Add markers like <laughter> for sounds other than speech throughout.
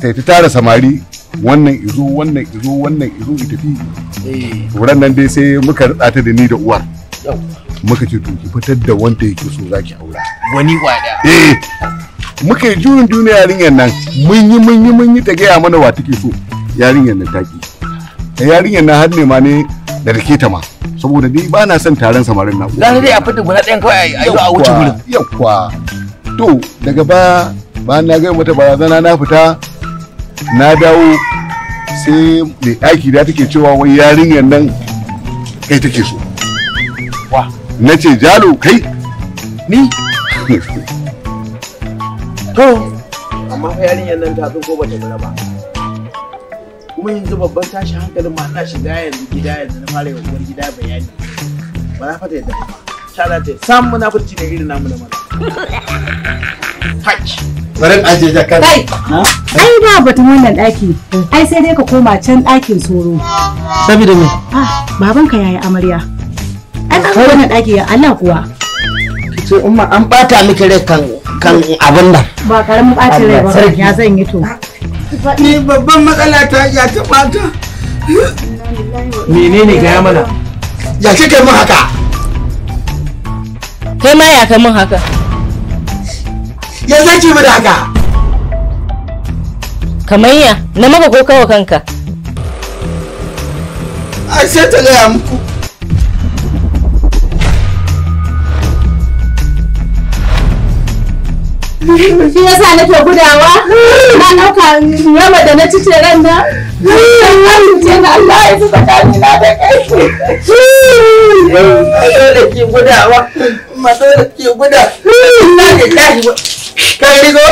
ta fi tara samari wannan izo wannan izo wannan izo ita fi wurin eh. nan dai sai muka rada ta da ni da uwar muka ce to ki fitar da wanda yake so zaki aura wani kwada eh muka yi jurin duniya yarinyar nan mun yi mun yi mun yi ta gaya mana wa take so yarinyar nan taki da yarinyar nan har ne ma ne da rike ta ma saboda dai ba na son taron samarin na dan dai a fita guda ɗayan kawai a yi a wuce gurin yakwa to daga ba ba na gaya mata barazana na fita na dawo sai mai aiki da take cewa wani yarinyar nan kai take so wa na ce jalo kai ni <laughs> to amma fa yarinyar nan ta zo ko bata mura ba kuma yanzu babban tashi hankalin tashi shiga yanzu gida yanzu na fara yawan gida bayani ba na fata yadda ba ta za ta samu munafurci ne irin namu da maza <laughs> bari Barin aje jakar. Kai! Ai ba batun wannan ɗaki. Ai sai dai ka koma can dakin soro. Sabida me? Ah, babanka yayi amarya. Ai ɗan wannan daki ya Allah kuwa. Kice umma an bata miki rai kan kan abin nan. Ba karamin ɓacin rai ba ya zan yi to. Ni babban matsala ta ya ta ɓata. Menene gaya mana? Ya kike mun haka? Kai ma ya kai mun haka? me zai mu da haka na maka ko kawo kanka ai sai ta gaya muku shi yasa nake gudawa na ɗauka yawa da na cice ran na sai da Allah ya zuba ni na da kai yau da ke gudawa maso da ke guda na ya kai kai rigo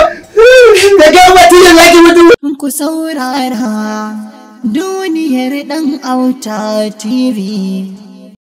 duniyar